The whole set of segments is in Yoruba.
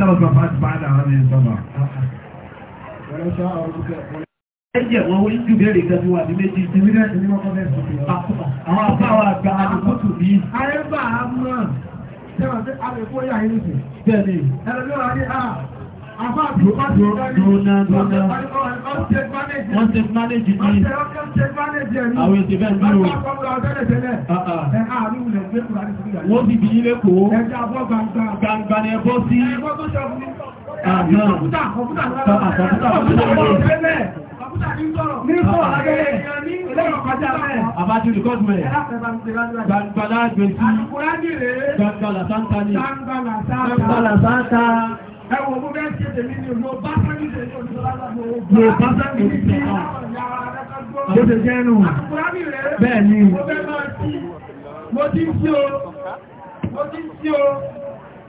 àtàrọ̀sọ fàájìbáadà àmì ìsọ́nà. Ẹjẹ̀ wọn orí jù bèèrè kan wà ní méjì tí wílẹ̀ tí wọ́n kọ́ mẹ́sùn fi àwọn àpáwà àgbà àdìkútù bí. Ayé bá a mọ̀, ṣẹ́wọ̀n tí a lè kó yà Wọ́n ṣe mánéjì ní àwọn ìṣẹ́fẹ́ ìlú. Wọ́n ti bí ilé kò gbangba ni ẹbọ́ sí ah, ah, ah, àgbà. Àbájú rìkọ́dù mẹ́. Gbangbala gbèsí. Gbangbala sáńtà ni. Gbangbala sáńtà ẹwọ mo bẹ ṣe tèmi ni mo bá sẹ́mi tèmi o mo bá sẹ́mi tèmi o mo ti jẹ́ nù bẹ́ẹ̀ ni mo ti ń tí o mo ti ń tí o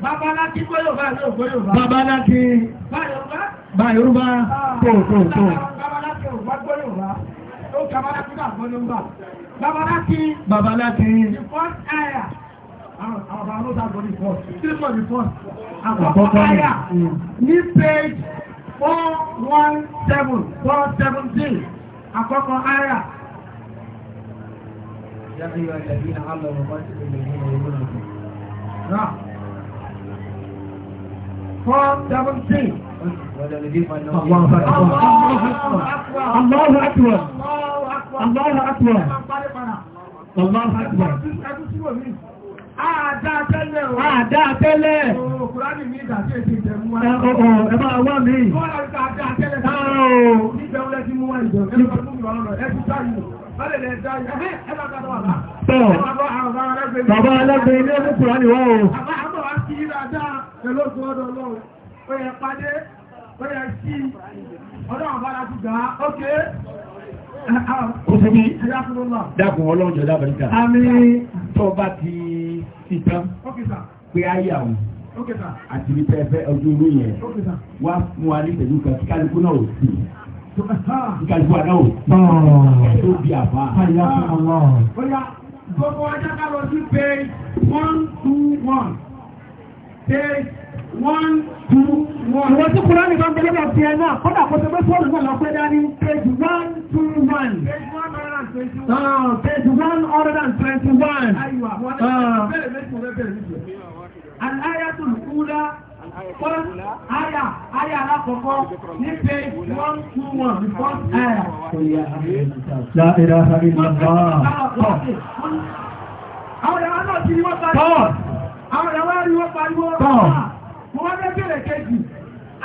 babaláki gbóyò bá yóò gbóyò bá babaláki bá yorùbá tó tó tó babaláki ò bá gbóyò bá ó kàbáláki bá gbóyò bá babaláki babaláki the first area Àwọn bàbá ló page four one seven four seventeen. Àkọ́kọ́ Four seventeen. Allahu akbar. Allahu akbar. Allahu akbar. Allahu akbar. Àdá tẹ́lẹ̀ o. Àdá tẹ́lẹ̀. Oòrùn oh, Kùránì ní ìdàtí èsì ìjẹ̀mú wa. Ẹ máa wá mi. Kọ́lá ìta àdá tẹ́lẹ̀ tẹ́lẹ̀. Níbẹ̀ wọlé tí mú wá ìjọ. Ẹ máa mú mi wá lọ́rọ̀. Ẹ ti dá yìí. Bálẹ̀ lẹ dá yìí. Ẹ máa kátó wà lá. Tọ́. Bàbá alágbè ilé mú Kùránì wá o. Àbá àbọ̀ wá sí dáadáa pẹ̀lú oṣù ọdọ Ọlọ́run. Ó yẹ pàdé, ó yẹ sí ọdọ̀ àbára Òṣèbí dákùn ọlọ́jọ́ dábàríkà. Àmín tó bá ti sítán pé ayé àwọn àti ní pẹ́ẹ́fẹ́ ọjọ́ orí yẹn wá fún wa ní pẹ̀lú kan kíkálukú náà ò sí. Kíkálukú náà ò sí. Tó bí àbá. Gbogbo ọjọ́ ká lọ sí page one two one page one two one. ìwọ̀n tí kúrò ní kan tẹ́lẹ̀ ti ẹ̀ náà kọ́dà kó tẹ́gbẹ́ fóònù náà lọ pé dání page one two one. page one ah, hundred and twenty one. aláyàtò kúlá kọ́dà àyà àyà alákọ̀ọ́kọ́ ní page one two one first àyà. Eh. la ilaha illallah. àwọn ìyàwó náà ti wọ́n pariwo. àwọn ìyàwó náà ti wọ́n pariwo mo wá fẹ́ bẹ̀rẹ̀ kejì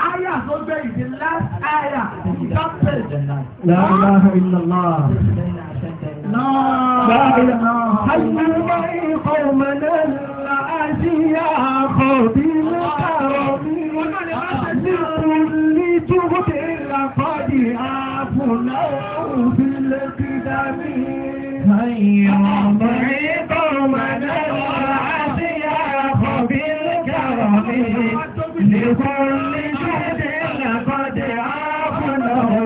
aya tó gbé ìdí last aya ìjọpẹ̀. láàárọ̀ ìlànà. لكل جهد لقد عافناه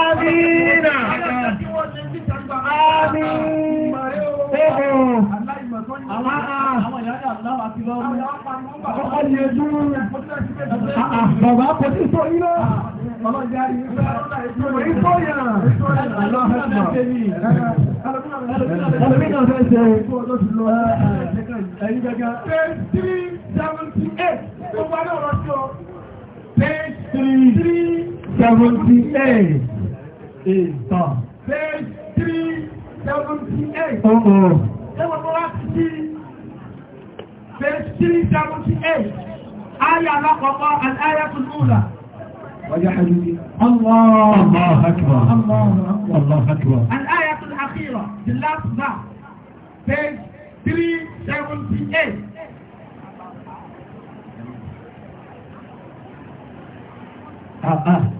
Amina. Amin. Ebo bàbá kò sí sọ ilé ọlọ́jà ìgbà ìfọ̀yà ẹlòmínà fẹ́ ṣe ẹ̀yìn gẹ́gẹ́ page three seventy eight tó wà ní ọ̀rọ̀ tó page three seventy eight ìtàn page three seventy eight ọ̀hún ẹ̀wọ̀n tó àti ayé tó lù وجحدوا به الله الله أكبر الله أكبر الله أكبر الآية الأخيرة the last verse page 378 Ah, ah.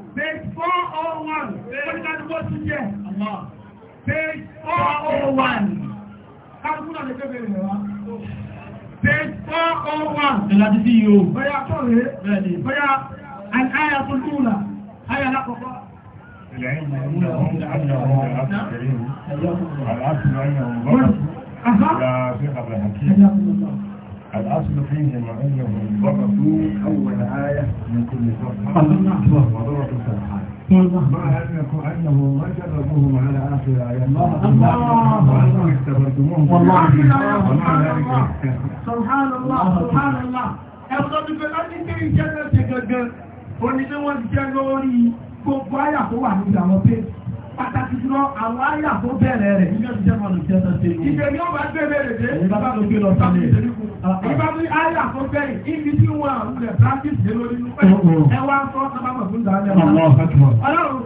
Quran. What is that word to get? Allah. Page 401. Kàrùkúnà lè kébèrè rẹ̀ wá. Page 401. Ìlà ti sí yóò. Bọ́yá kọ́rẹ̀. Bẹ́ẹ̀ni. Bọ́yá àyà tó lúùlà. Àyà lápapọ̀. العلم عندهم أنه العبد الكريم الأصل أنه بطل لا ثقة بالحكيم الأصل فيهم أنهم ضبطوا أول آية من كل صفحة مع أنكم أنه ما سبحان الله سبحان الله ẹ̀kọ́ ti fẹ́ láti pé ìjẹ́ lẹ́sẹ̀ gẹ́gẹ́ oníṣẹ́ wọ́n ti jẹ́ lórí gbogbo àyà tó wà nígbà pé pàtàkì jùlọ àwọn àyà tó bẹ̀rẹ̀ rẹ̀. ìṣe ni ó bá gbé bẹ̀rẹ̀ dé. ìṣe bá tó gbé lọ sálẹ̀. ìbá mi àyà tó bẹ̀rẹ̀ ibi tí wọn àwọn ilẹ̀ practice lé lórí nínú pẹ̀lú. Oh, oh. ẹ wá sọ sábà mọ̀ fún ìdájọ́. ọlọ́run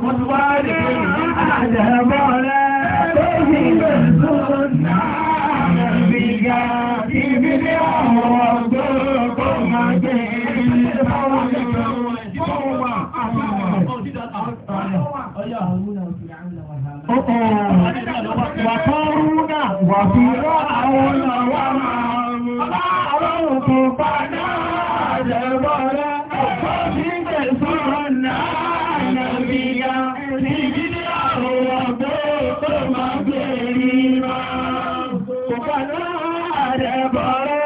kò ti wá lè pè é. àjẹbọ rẹ tó ní ìgbésù náà gbígbà ibi ní àwọn ọgbẹ́ kò máa gbé ilé báwọn ẹgbẹ́ wọn. Ọ̀yà àwọn. Oh wàfíwọ́ àwọn ọ̀nà àwọn tó bá náà jẹ́bọ́ rẹ̀ ọ̀pọ̀ sí tẹ̀sọ́rọ̀ náà nàbíyà ní gídí àwọn ọ̀gbọ́ tó máa gbé rí máa. Tó bá náà jẹ́bọ́ rẹ̀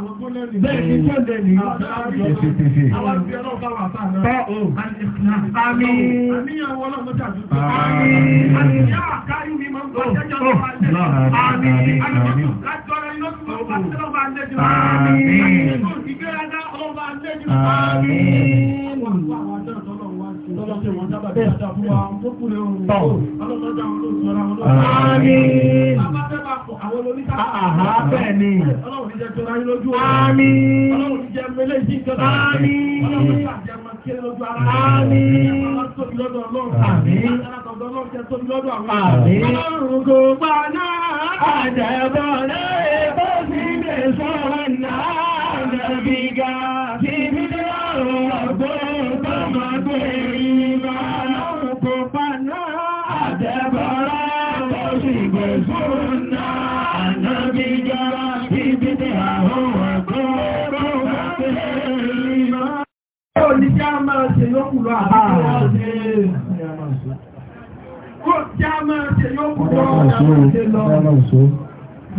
Amen. tó lè ní àwọn ìgbẹ́ ọlọ́pàá wà sáà náà. Àmì àníyàn wọ́n lọ́pàá jàdú. Àmì àníyàn àkáyù ni máa ń bọ́ jẹ́jọ́ lọ́pàá jẹ́jọ́. Àmì àníyàn láti ọ̀rẹ́ inú tó bá ń tẹ́lọ́ bá ń lẹ́jọ́. Àmì àníyàn tó ìgbéraga ọlọ́pàá ń lẹ́jọ́. Àmì tọ́lọ́tẹ̀ wọn dábà bẹ́ẹ̀ àtàkùwà tó kú lè bí Kó tí a máa ṣe yóò kúrò ọ̀nà àti lọ. Ẹ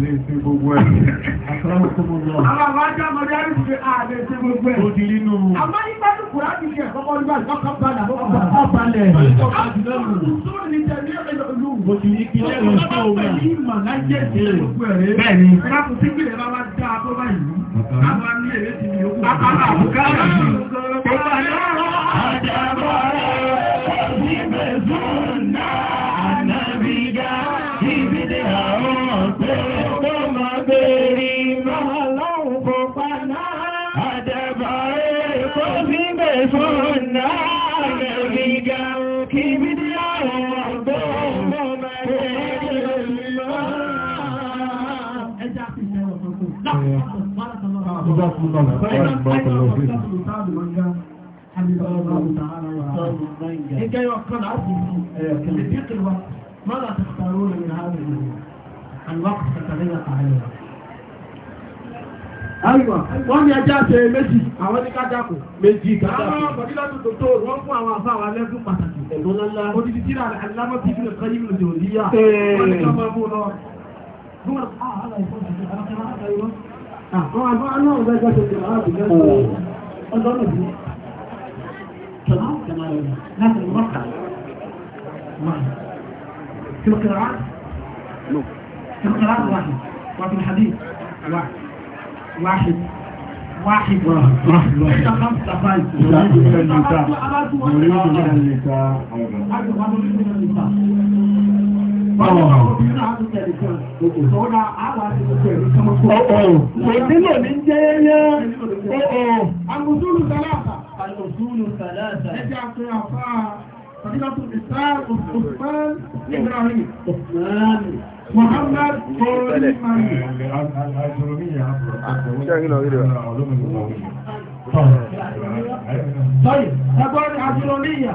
lè ṣe gbogbo ẹ̀. Àwọn àjọ ọmọdé àríṣẹ́ àlè ṣe gbogbo ẹ̀. Ó di nínú. Àmá nígbà tó kùrá ti ṣe ẹ̀kọ́kọ́ nígbà tó kọ́ balẹ̀. Ọkọ̀ balẹ̀. Ọkọ̀ balẹ̀. Ọkọ̀ balẹ̀. Ọkọ̀ balẹ̀. ماذا تختارون من هذه الوقت تتبقى عليها Àríwá, wọ́n ní ẹjá ṣe méjì, àwọn ní kájákò. Méjì kájákò. Àwọn bọ̀dílá tuntun tó wọ́n fún àwọn àfá àwọn alẹ́dún pàtàkì. Ẹ̀dùn lọ́lá. Odidi tí láàrín alámọ́ tí ìbílẹ̀ kan yìí lòdì òdíyà. Àwọn àbá náà gbẹ́gbẹ́ tó jẹ́ ààbò lẹ́gbẹ̀ẹ́ ọjọ́ ìlú. Kìláà kìláà rẹ̀ láti mọ́ta. في القراءات في القراءات واحد وفي الحديث واحد واحد واحد واحد واحد خمسة خمسة يريد من النساء يريد من النساء Òdílò ní jẹ́ yẹ́ ọ̀ọ̀. Àmùsùlù sàlátà. Àmùsùlù sàlátà. Ẹjẹ́ àpẹ àfá Fadilatu Isar Usman Ibrahim. Usman. Muhammad Kọ́lí Mari. Ṣé ìlọ rí rẹ̀? Sọ́yì, ẹgbọ́n ni Àjùlọ níyà.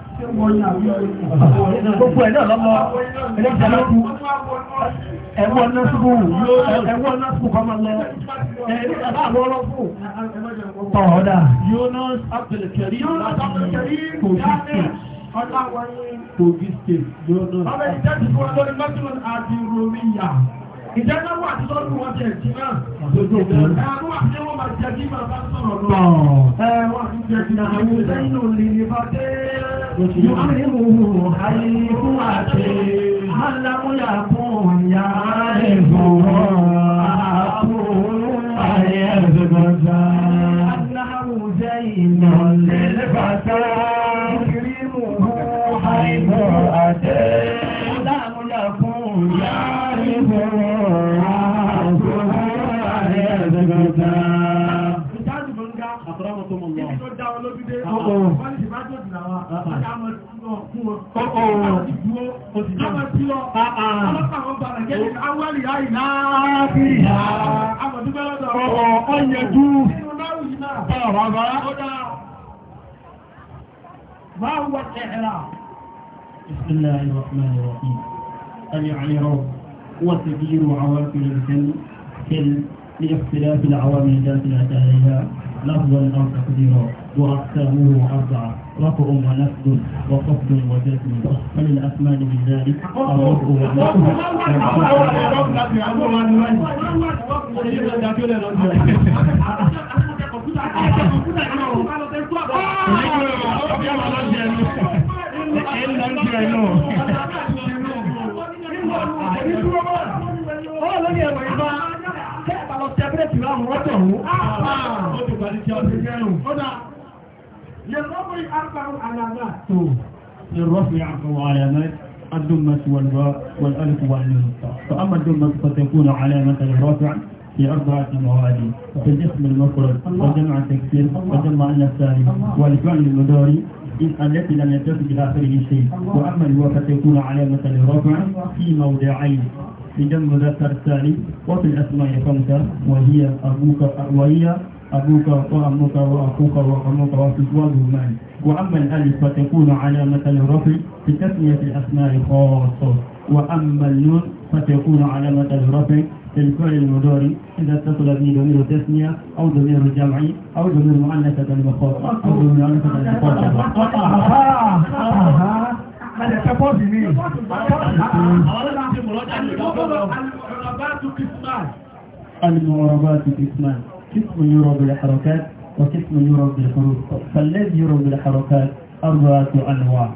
Gbogbo ẹ̀ náà lọ́lọ́, ẹlẹ́jẹ̀ lọ́kú, ẹ̀wọ́n náà sùgbùn, ẹ̀wọ́n náà sùgbùn lọ, ẹ̀rí àbáwọ́ lọ́kù. Tọ̀ọ̀dà. Yóò náà sápẹ̀lẹ̀kẹ̀rí, yóò náà kò sí ṣe. Ọlá wáyé. Kogi yóò náà. Ọlá ìjẹ́ ìdánáwó àti lọ́dún wọn jẹ ìjì náà lójú òkun ẹ̀rọ àti wọn máa jẹ bí màá bá sọ̀rọ̀ lọ ẹ̀rọ àti jẹ bí màá wọ sẹ́yìn òní ní bá dé yóò á ní mòó ayé fún àti alámúyà fún ìyá ẹ̀fọ́ àpò ayé ẹ̀fọ́ gbọ́dọ̀. إعراب بسم الله الرحمن الرحيم الإعراب هو تغيير عوامل الفعل كل لاختلاف العوامل التي أتى إليها لفظا أو تقديرا وأقسامه أربعة رفع ونفذ وخفض وجزم فللأسمان من ذلك الرفع والنفذ Yọ́mà lọ jẹ ẹnu. Èyí lọ jẹ ẹnu. Ọ̀rọ̀ lórí ẹ̀rọ ìbá. Kẹ́ẹ̀bà lọ sí abẹ́rẹ́ tìlú àwọn rọ́tọ̀ hù. Ó ti gbàdí tí ọdún jẹ́ ẹnu. Ó dà. Lè rọ́pò àkàrùn àlàgbà. Lè rọ́pò àkàrùn àlàgbà. الدمة والباء والألف والنون فأما الدمة فتكون علامة الرافع في أربعة مواد في الاسم المفرد وجمع التكسير وجمع النفساني والفعل المداري التي لم إلى آخره شيء وأما الواو فتكون علامة الرفع في موضعين في جمع مذكر الثاني وفي الأسماء الخمسة وهي أبوك وهي أبوك وأمك وأخوك وأمك وأمك وأما الألف فتكون علامة الرفع في تسمية الأسماء الخاصة وأما النون فتكون علامة الرفع الفعل المضارع إذا اتصل به ضمير التسمية أو ضمير الجمع أو ضمير مؤنثة المخاطر أو ضمير مؤنثة المخاطرة. أها أها أها ní. Àwọn قسم يرى بالحركات وقسم يرى بالحروف فالذي يرى بالحركات أربعة أنواع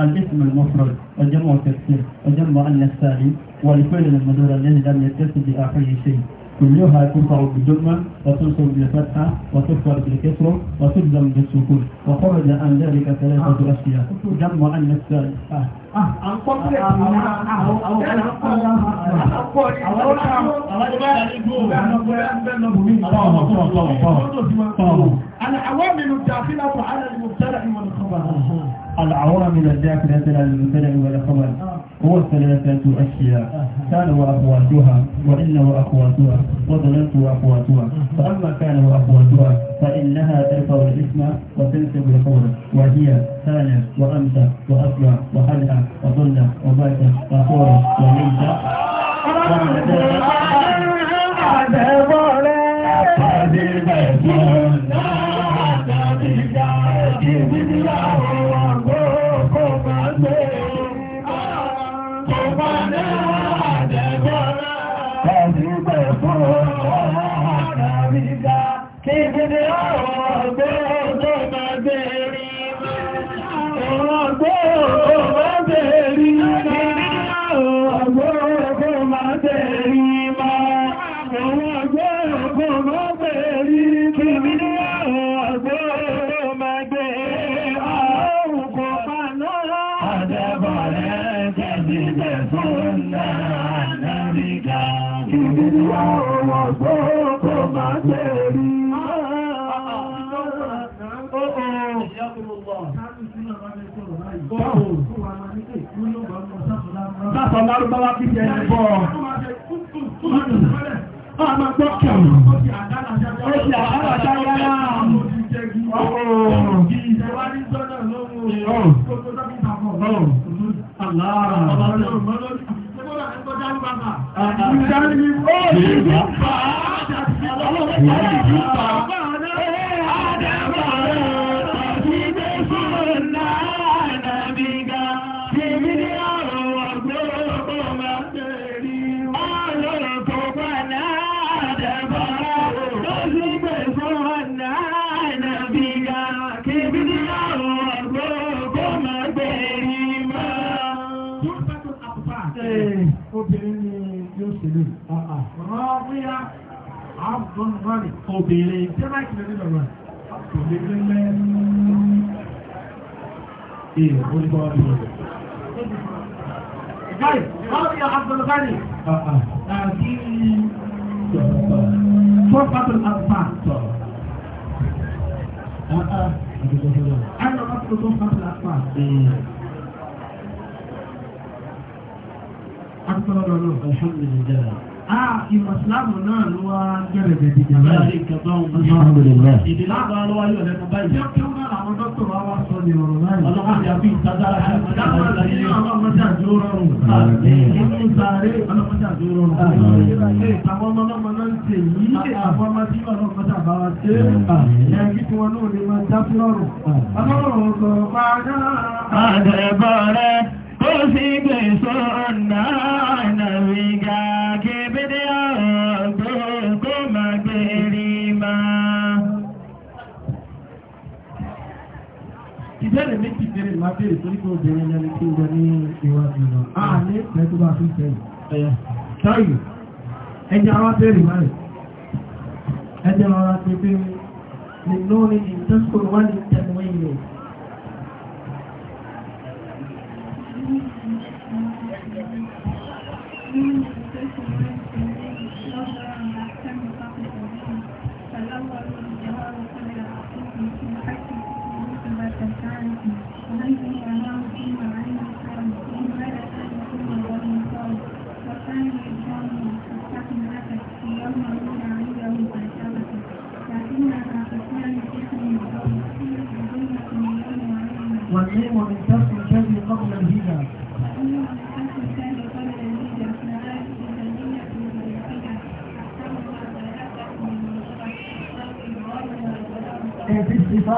الاسم المفرد وجمع التفسير وجمع النسائي والفعل المدور الذي لم يتصل بآخره شيء كلها ترفع بالجمة وتنصب بالفتحة وتكسر بالكسر وتجزم بالسكون وخرج عن ذلك ثلاثة أشياء جمع أه أه أه على المبتدأ والخبر العوامل الداخلة للمبتدع والخبر هو ثلاثة أشياء كان وأخواتها وإن وأخواتها وظننت وأخواتها فأما كان وأخواتها فإنها ترفع الاسم وتنسب القول وهي ثانية وأمسى وأصلى وحلى وظلة وباكة وحورة وليس وعلى ذلك Láàtọ̀ lárúbáwá kí jẹ ẹ̀bọ̀. Máa máa gbọ́ kẹ̀rù. Ó ti àdára ṣáyára. Ọ̀pọ̀ ìjẹwà ní jọ́nà lóhun. Gbogbo dọ́kítà pọ̀. Àlá. Ọ̀pọ̀ rìn obìnrin jẹ́ máìkì lórí lọ́rọ̀ kò lè gbé lẹ́ Ìyẹ̀ olùkọ́ wa bí wọ́n. Báyìí, wọ́n fi àgbọ̀lọ̀ báyìí. Àti tó pàtó àgbà. Àgbà pàtó tó pàtó àgbà. Àgbà lọ́dọ̀ lọ́dọ̀, alhamdulillah. Ah, ìmọ̀sílámù náà ló wá gẹ̀rẹ̀gẹ̀ dìjà láì alhamdulillah ìdílábà ló wá yóò lẹ́nu báyìí tí ó kí ó náà àwọn dókítà wá wá sọ ní ọ̀rọ̀ láì ọlọ́wọ́n àti àbí ìtajára ṣe ọjọ́ àti ìlú àwọn ọmọdé àjò rọrùn nínú sáré ọlọ́mọdé àjò rọrùn ṣe àwọn ọmọ náà ń ṣe yìí ṣe àwọn ọmọ tí wọn náà mọ́tà bá wa ṣe ẹ̀ kí tí wọn náà lè máa dá fúlọ́rùn ọlọ́run ọ̀gọ̀ bó sì gbèsò ọ̀nà ànàrí ga kébédé ọ̀gbọ́ kó má gbé rí ma. Ìbéèrè méjì bèrè máa bèrè torí pé obìnrin ẹni tí ó wọ ní ìwádìí lọ. A ní ìfẹ́ tó bá fi fẹ́ yìí. Táyì, ẹja wá bèrè máa rẹ̀. Ẹja wá rà pé pé, mo náà ní ìtẹ́sùn wá ní ìtẹ́sùn wẹ́yìn rẹ̀. Thank you.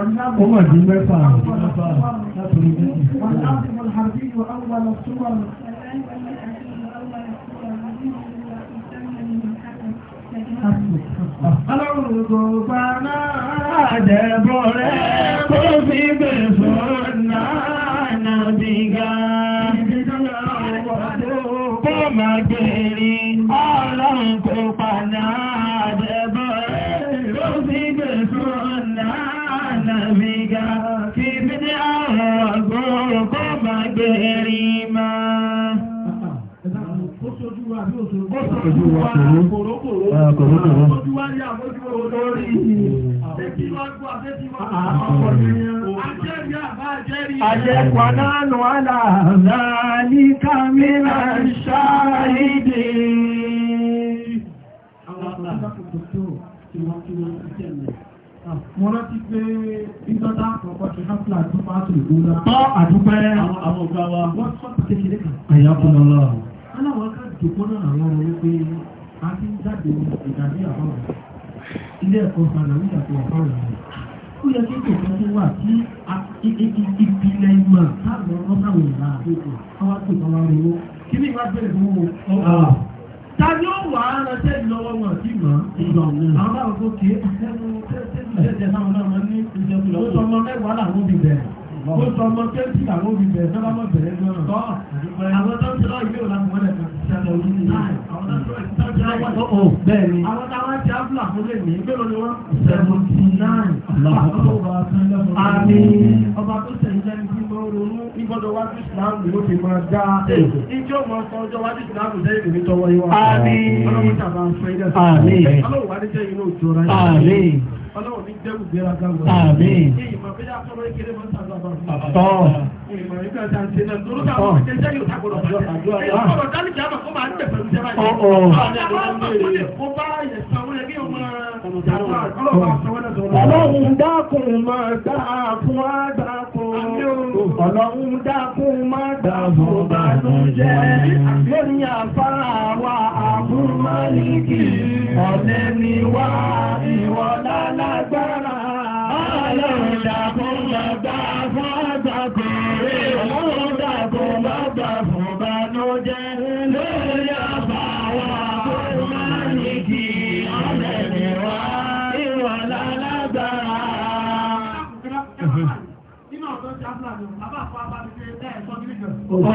ó mà dín mẹ́fà Ọlọ́run gbogbo náà dẹ̀bọ̀ rẹ̀ kó fi bẹ̀sọ̀ náà nàbìgá. Kó máa gbé. ojú wa kòró kòró ah, ah, Àjẹ́kwà náà ah, Mo rántí pé ìjọta àkọ́kọ́ ṣe hapla tó máa tó ìgbóra. Tọ́ àdúgbẹ́ àwọn ọ̀gá wa. Wọ́n sọ́pù kékeré kan. Àyàkùnlọ́lọ́ ṣùgbọ́n náà lọ́rọ̀ wípé a ti ń jáde ìdàbí àbáwọ̀ ilé ẹ̀kọ́ sàlàyé àti àbáwọ̀ rẹ̀ ó yẹ kí kòkó tó wà tí ìpìlẹ̀ ìmọ̀ táàbọ̀ lọ́sàwọ̀ ìlà àdókò káwá tó kọ́ wá rówó kí ni wàá bẹ̀rẹ̀ fún wọn. ta ni ó wà á ránṣẹ́ lọ́wọ́ wọn sí mọ́ àwọn báwo tó ké ẹnu tẹ́tẹ́ tẹ́tẹ́ táwọn náà máa ní ìjọba ọmọ mẹ́wàá làwọn ti bẹ̀rẹ̀ ó sọ ọmọ tẹ́tí àwọn olùbẹ̀ sábà mọ̀ bẹ̀rẹ̀ lọ́rọ̀. àwọn tó ń tẹ́lọ̀ ilé ò láwọn ọ̀rẹ́ kan ti ṣẹlẹ̀ orí ní láì. àwọn tó ń tẹ́lọ̀ ilé ò bẹ́ẹ̀ ni. àwọn táwọn ti áfúlà fún lè ní mélòó ni wọ́n. seventy nine. àmì ọba tó tẹ̀lé lẹ́nu tí mo ronú ìgbọ́dọ̀ wá sí ìsìláàmù ló fi máa dá. ìjọ mọ sọ ọjọ́ wá sí ìsìláàmù jẹ́ ìdòwí tọwọ́ yín wá. àmì ọlọ́run tàbá fẹ́ ọlọ́run ní jẹ́rù gbéraga lọ. àmín. ní ìmọ̀ bí a sọ̀rọ̀ ìkéré mọ́ sàlọ́ bá fún wa. tọ́. ìmọ̀ nígbà tá a ti náà tó ló ta àwọn ọmọdé jẹ́ yóò tagbọ̀dọ̀ bàjẹ́. ẹ̀yọ́ kọ̀ọ̀dọ̀ dálì Ọlọ́run dákun máa dá fún àdákun. Ọlọ́run dákun máa dá fún bànújẹ́. Lórí àfárá wa àbúmọ́lìkì, ọ̀lẹ́ ni wá ìwọ̀lá lágbára. Ọlọ́run dákun.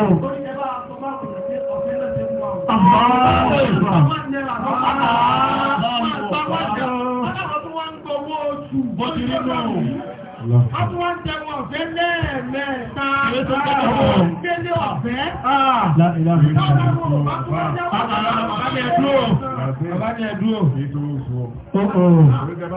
Oh, oh.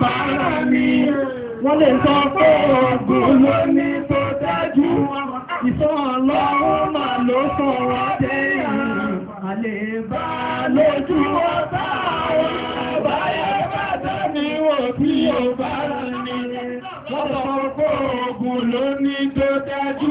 bàárà ni wọ́n lè sọ pé ọgbọ̀n ló ní tó dájú ìsọ́ ọlọ́run mà ló sọ wọ́n dé ìrìn àlèbá lójú ọ̀tá àwọn àbáyé bàtà ni wọ́n tí ó bàárà ni wọ́n sọ pé ọgbọ̀n ló ní tó dájú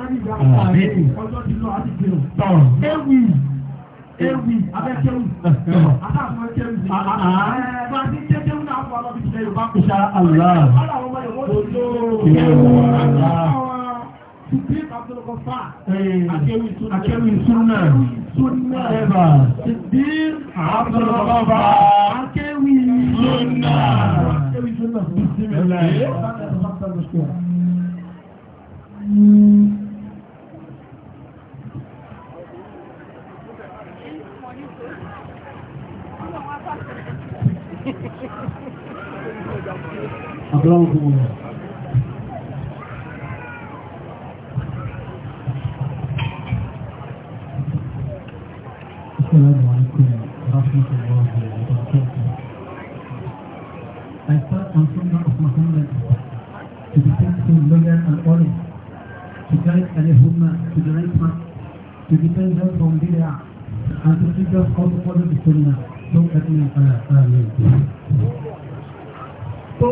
ọjọ́ ti ewì ewì abẹ́kẹ́wì àtàkùn ẹkẹ́wì ẹ̀ẹ́dọ́ àti jẹ́kẹ́wì náà fọ́ ọlọ́bí ti lẹ́yìn bá kù. ṣá àlá Akẹ́wì Súnà Súnà Ẹ̀bà Siddiq Abdulrahman Akẹ́wì Súnà Akẹ́wì Súnà Bismillah. àbúráwọ̀ fún wọn Assalamu alaikum warahmatullahi wabarakatuh. I start on Sunnah of Muhammad to be thankful, loyal and honest, to guide Al-Humma to the right path, to defend them from Bid'ah, and to teach us how to follow the Sunnah. Don't let me, uh, uh, so,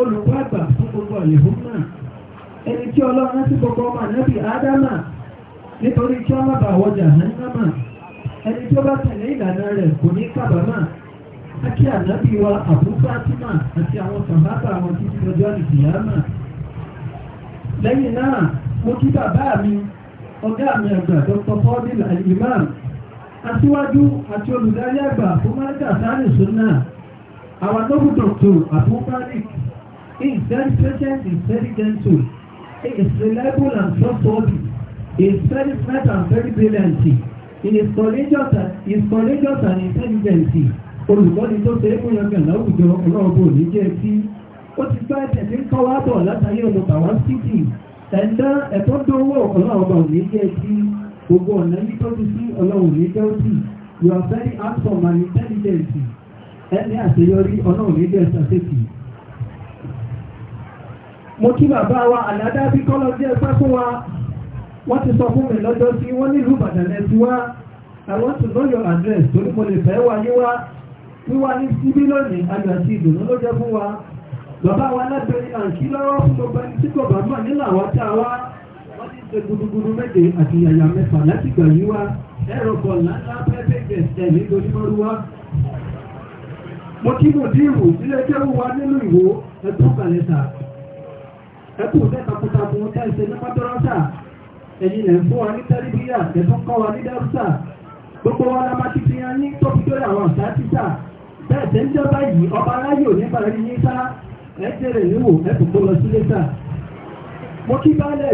olùwàgbà fún gbogbo àlèhùn náà ẹni tí ọlọ́run sí gbogbo ọmọ ànábì ádámà nítorí kí ọmọ bá wọ jàhánámà ẹni tí ó bá tẹ̀lé ìlànà rẹ̀ kò ní kábàámà ákí ànábì wa àbúfátímà àti àwọn sàmábà àwọn títí lọ́jọ́ ìdìyàmà lẹ́yìn náà mo kí bàbá mi ọ̀gá mi àgbà dr fordil Imam. aṣíwájú àti olùdarí àgbà fún mẹ́ta sáà nìṣúná àwọn dókítà Abu àbúfátímà is very patient, is very gentle. He is reliable and trustworthy. He is very smart and very brilliant. He is courageous and his courageous and intelligent. Olùkọ́ni tó ṣe é fún yọkàn láwùjọ ọlọ́ọ̀bù òní jẹ́ sí. Ó ti gbá ẹ̀sẹ̀ tí ń kọ́ wá bọ̀ látàrí olùkà wá síkì. Ẹ̀dá ẹ̀tọ́ dówó ọlọ́ọ̀bù òní jẹ́ sí. Gbogbo ọ̀nà yìí tó ti sí ọlọ́ọ̀bù òní jẹ́ sí. You are very handsome and intelligent. Ẹni àṣeyọrí ọlọ́ọ̀bù òní jẹ́ sàṣẹ́kì mo kí bàbá wa àládá bí kọ́lọ́ jẹ́ pẹ́ fún wa wọ́n ti sọ fún mi lọ́jọ́ sí wọ́n nílùú bàdàlẹ̀ sí wa I want to know your address torí mo lè fẹ́ wa yíwá wíwá ní síbí lónìí ayọ̀ àti ìdùnnú ló jẹ́ fún wa bàbá wa lábẹ́rẹ́ àǹkí lọ́wọ́ fún gbogbo ẹni tí kò bá mọ̀ nínú àwọn tá a wá wọ́n ti ṣe gudugudu méje àti yàyà mẹ́fà láti gbà yí wa ẹ̀rọ kọ̀ ńláńlá pẹ́ẹ́pẹ́ gẹ̀ẹ́sẹ̀ nítorí mọ́rúwá mo kí mo dírù sílé jẹ́rú wa nínú ìwò ẹ̀tún kàlẹ́ta ẹkù tẹ́tàkùtàkùn tẹ́ẹ̀sẹ̀ ní pátọ́rọ́sà ẹ̀yìn lẹ̀ fún wa ní tẹ́lifíyà tẹ́tún kọ́ wa ní dárúsà gbogbo wa lámá ti fi hàn ní tọ́pítọ́rì àwọn ọ̀sá títà bẹ́ẹ̀sẹ̀ ń jọba yìí ọba aláyò nípa rí ní sá níwò lọ mo kí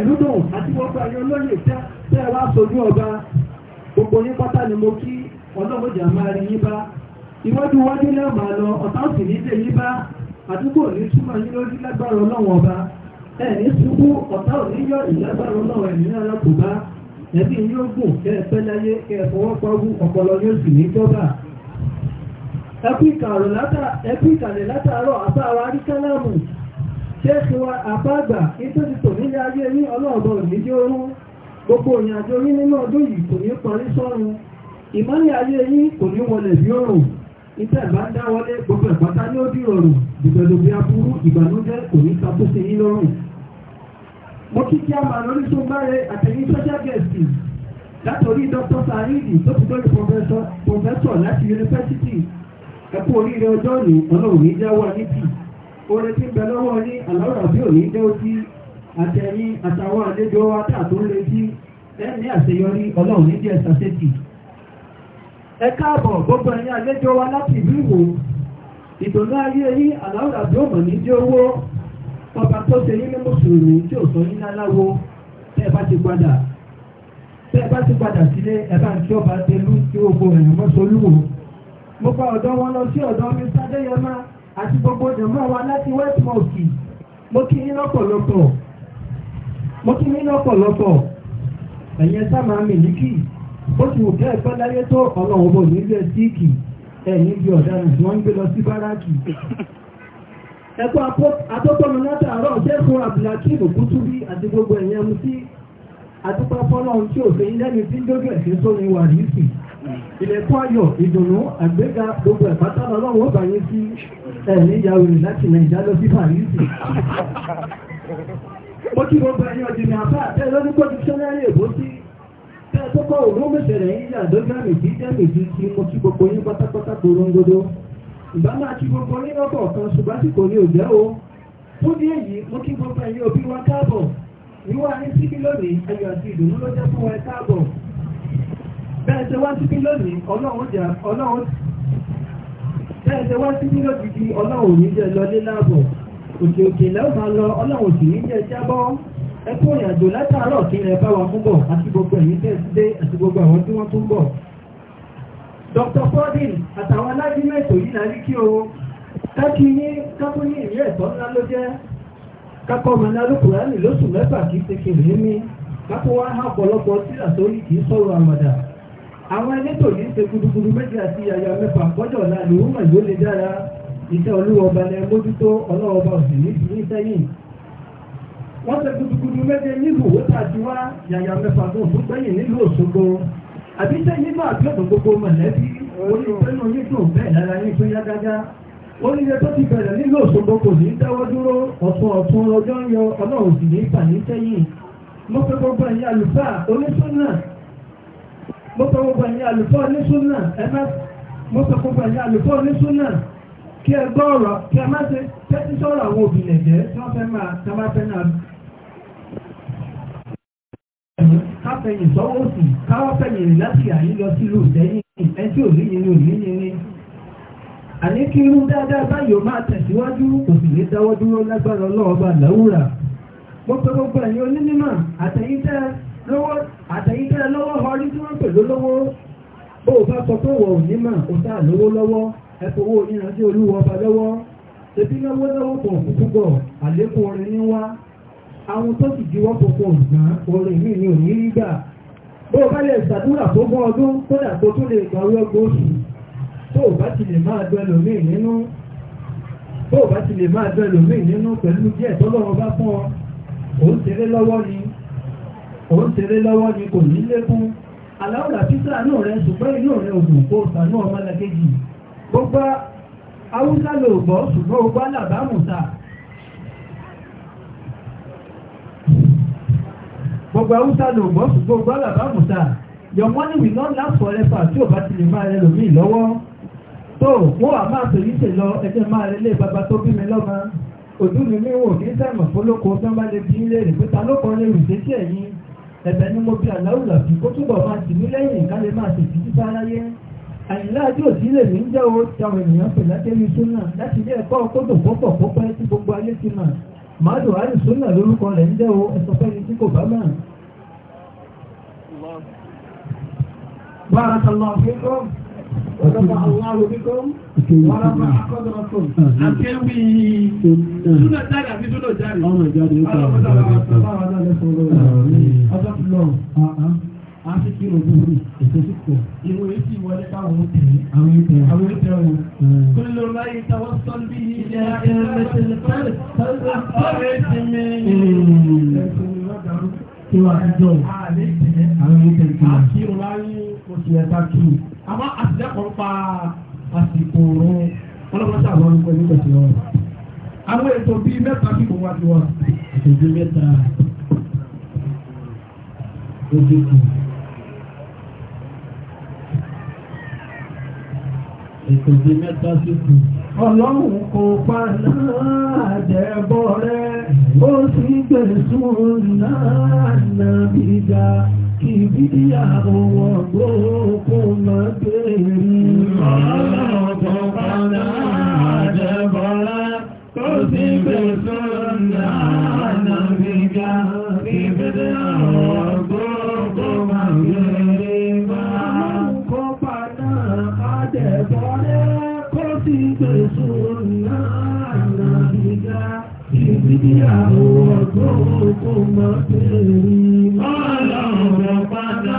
lúdùn àti gbogbo wá ọba gbogbo bá ẹ̀rí ṣubú ọ̀tá ò ní yọ ìyábára ọlọ́wọ́ ẹ̀mí náà lápò bá ẹbí yóò gùn kẹ́ ẹ pẹ́ láyé kẹ́ ẹ fọwọ́ pawú ọpọlọ yóò sì ní jọba ẹkú ìkàlẹ̀ látàárọ̀ àbáwa rí kálámù ṣẹ́ẹ̀kì wa àbágbà nítorí tòmílé ayé ní ọlọ́ọ̀bọ̀ òní jẹ́ orún gbogbo òyìn àjò yín nínú ọdún yìí kò ní parí sọ́run ìmọ́lẹ̀ ayé yín kò ní wọlé bí òrùn ìtẹ̀bá dáwọlé gbogbo ẹ̀pátá ní ó dìrọ̀rùn ìbẹ̀lòbí aburú ìbànújẹ́ kò ní kapó sí yín lọ́rùn mo kí kí a máa lórí tó máre àtẹ̀yìn social látòrí Dr. Saheed tó ti lórí professor láti yunifásitì ẹ̀kú oríire ọjọ́ ni ọlọ́run ní jáwọ́ níbi oore tí ń bẹ lọ́wọ́ ní àlọ́rọ̀ bí òní jẹ́ ojú àtẹ̀yìn àtàwọn àlejò gbogbo ẹ̀yin àlejò wa láti ìlú ìdùnnú ayé yín ọba tó ṣe yín ní mùsùlùmí tí ò sọ yín láláwo tẹ́ ẹ bá ti padà tẹ́ ẹ bá ti gbadà sílé ẹ bá ọba tẹlú ó gbogbo èèyàn mọ́ solúwo. mo pa ọ̀dọ́ wọn lọ sí ọ̀dọ́ mi sádéyẹmá àti gbogbo láti mo kí yín lọ́pọ̀lọpọ̀ mo ti wù kí láyé tó ọlọ́run ẹ̀kọ́ atọ́tọ́nu látàárọ̀ jẹ́kùn abdulhakeem kútúbí àti gbogbo ẹ̀yẹn mu sí àdúgbò fọlọ́run tí òfin lẹ́nu tí ń dójú ẹ̀sìn tó ní wà nísì ilẹ̀kùn ayọ̀ ìdùnnú àgbéga gbogbo ẹ̀pátá lọ́wọ́ bá yín sí ẹ̀ní ìyàwó rẹ̀ láti nàìjà lọ sí pàrísì. mo kí gbogbo ẹ̀yìn ọ̀dìnì àbá àtẹ lórí pé dictionary èbó sí tẹ́ ẹ tó kọ́ òun mẹ́sẹ̀rẹ̀ yín yà lójú àmì tí jẹ́mì tí mo kí gbogbo yín pátápátá gbòrongodo ìbámu àti gbogbo onírọ́pọ̀ kan ṣùgbọ́n tí kò ní o fún bí èyí mo kí gbogbo ẹ̀yin òbí wa káàbọ̀ wíwá ní síbí lónìí ayọ̀ àti ìdùnnú ló fún wa káàbọ̀ bẹ́ẹ̀ ṣe wá síbí lónìí ọlọ́run ọlọ́run bẹ́ẹ̀ ṣe wá síbí ọlọ́run ní jẹ́ lọ níláàbọ̀ òkè òkè lẹ́wọ̀n máa lọ ọlọ́run ní jábọ́ wa bọ̀ àti gbogbo ẹ̀yin tẹ̀ sí dé àti gbogbo àwọn tí wọ́n tún bọ̀ Dr. Fordin àtàwọn alájúmọ̀ ètò yìí náà rí kí o kákí ní kákún ní ìwé ẹ̀tọ́ ńlá ló jẹ́ kákọ́ ọmọ ńlá lókùnrin lóṣù mẹ́fà kì í ṣe kìrìí mi kákó wá há ọ̀pọ̀lọpọ̀ sílà sórí kì sọ̀rọ̀ àmàdà àwọn elétò yìí ń ṣe gudugudu méjì àti yàyà mẹ́fà mọ̀ yóò lè dára ọba mójútó òsì ní sẹ́yìn wọ́n gudugudu méjì nílùú òwúta àti wá yàyà mẹ́fà àbí sẹ́yìn bá àti ọ̀dọ̀ gbogbo mọ̀lẹ́bí oníṣẹ́nu yìí dùn bẹ́ẹ̀ lára yín tó yá gágá oníṣẹ́ tó ti bẹ̀rẹ̀ nílò òṣogbo kò ní dáwọ́ dúró ọ̀tún ọ̀tún ọjọ́ ń yọ ọlọ́run sì ní ìpà ní sẹ́yìn mo fẹ́ gbogbo ẹ̀yin àlùfáà oníṣúná mo fẹ́ gbogbo ẹ̀yin àlùfáà oníṣúná ẹ má mo fẹ́ káfẹ̀yìn sọ́wọ́ sí káwọ́ fẹ̀yìn rìn láti àyín lọ sí ìlú sẹ́yìn ẹ tí ò níyìn ni ò níyìn ni. àní kí irú dáadáa báyìí ó máa tẹ̀síwájú kò sì ní dáwọ́ dúró lágbára ọlọ́ọ̀bà làwúrà. gbogbo gbogbo ẹ̀yin onímọ̀ àtẹ̀yìntẹ́ lọ́wọ́ ọrí tí wọ́n pè lólówó bó o bá sọ pé wọ̀ onímọ̀ ò sáà lówó lọ́wọ́ ẹ fowó oníranjú olúwọ́ ọba lọ́wọ́ ṣèbí lọ́wọ́ lọ́wọ́ pọ̀ kúkú bọ̀ àlékún orin ní wá àwọn tó ti juwọ́ gbogbo ọ̀gbà orin mi ni ò ní rí gbà bó o bá lè ṣàdúrà tó gbọ́ ọdún kódà tó tún lè gbà ọyọ́ gbóòsù tó o bá ti lè máa dún ẹlòmíì nínú tó o bá ti lè máa dún ẹlòmíì nínú pẹ̀lú díẹ̀ tọ́lọ́run bá fún ọ òun tẹ̀lé lọ́wọ́ ni òun tẹ̀lé lọ́wọ́ ni kò ní lékún aláwòrán títà náà rẹ ṣùgbọ́n inú rẹ ògùn kó sànú ọmọlẹ́kẹ́jì gbogbo haúsá lò gbọ́ ṣùgbọ́n gbọ́ alábàámùsà gbogbo haúsá ló gbọ́ ṣùgbọ́n gbọ́ mùsà your money will not last forever tí ò bá ti lè máa rẹ lòmíì lọ́wọ́ tó wọ́n wà máa tòyí ṣe lọ ẹgbẹ́ máa rẹ lé bàbá tó bí mi lọ́mọ òdú mi mi wò ní sẹ́mọ̀ fólókò tó ń bá lè bí ilé rè pété alókòó lè rìn sétí ẹ̀yìn ẹ̀bẹ̀ ni mo fi àláwù làbí kó túbọ̀ máa tì mí lẹ́yìn ká lè máa tètè títí aráyé àyìnlá àti òsílẹ̀ mi ń jẹ́ o táwọn ènìyàn pè láti ní súnà láti ilé ẹ̀kọ́ kódò pọ́pọ̀ pọ́pẹ́ tí gbogbo ayé ti mà máa dùn àrùn súnà lórúkọ rẹ̀ ń jẹ́ o ẹ̀sọ́ tí kò bá mà بارك الله فيكم ورفع الله بكم ورفع قدركم àkéwì súnà jáde àbí súnà jáde ọmọ ìjáde ó kọ́ ọ̀rọ̀ ọjọ́ tó lọ ah, ah. a ti kí ojú rí ètò sí pọ̀ ìwé èsì wọlé káwọn tẹ̀ àwọn ètò àwọn ètò ọ̀hún kó ló láyé táwọn sọ́ọ́ bí ilé ẹgbẹ́ tẹ̀lé tẹ̀lé tẹ̀lé tẹ̀lé tẹ̀lé tẹ̀lé tí wọ́n àtijọ́ àwọn ilé tẹ̀lé kí wọ́n. àti ọ̀la ní oṣù ẹ̀ta kì í. àmọ́ àtijọ́ pa àsìkò rẹ̀ ọlọ́mọṣẹ́ àwọn olùkọ́ ní ìgbàsí wọn. àwọn ètò bíi mẹ́ta kí kò wá ti wá. ètò bíi mẹ́ta ojú kù. ètò bíi mẹ́ta sí kù ọlọ́run kò paná àjẹ́bọ́ rẹ̀ ó sì gbèsùn náà nàbíjà kí bídí àwọ̀ gbogbo máa bèèrè ọlọ́run kò paná àjẹ́bọ́ rẹ̀ ó sì gbèsùn náà nàbíjà kí bídí àwọ̀ Ìdí àwọn ọgbọ́n kò máa bèèrè. Ọlọ́run pátá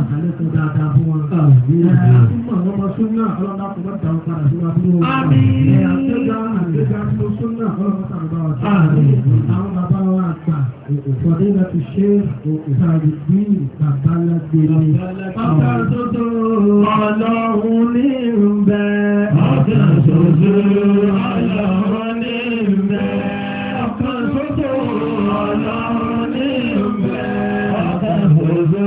máa sàlékún dáadáa fún wọn. Súnmọ̀ àwọn ọmọ súnmọ̀ ọlọ́dà kò bá dàrú padà sí wọn. Àgbéga Àwọn bàbá wa àgbà òfòdé láti ṣe òkútàrí bí bàbá lágbèrè. Bàbá tótó ọlọ́run ní ìrùbẹ́. Bàbá tótó ọlọ́run ní ìrùbẹ́. Bàbá tótó ọlọ́run ní ìrùbẹ́. Bàbá tótó.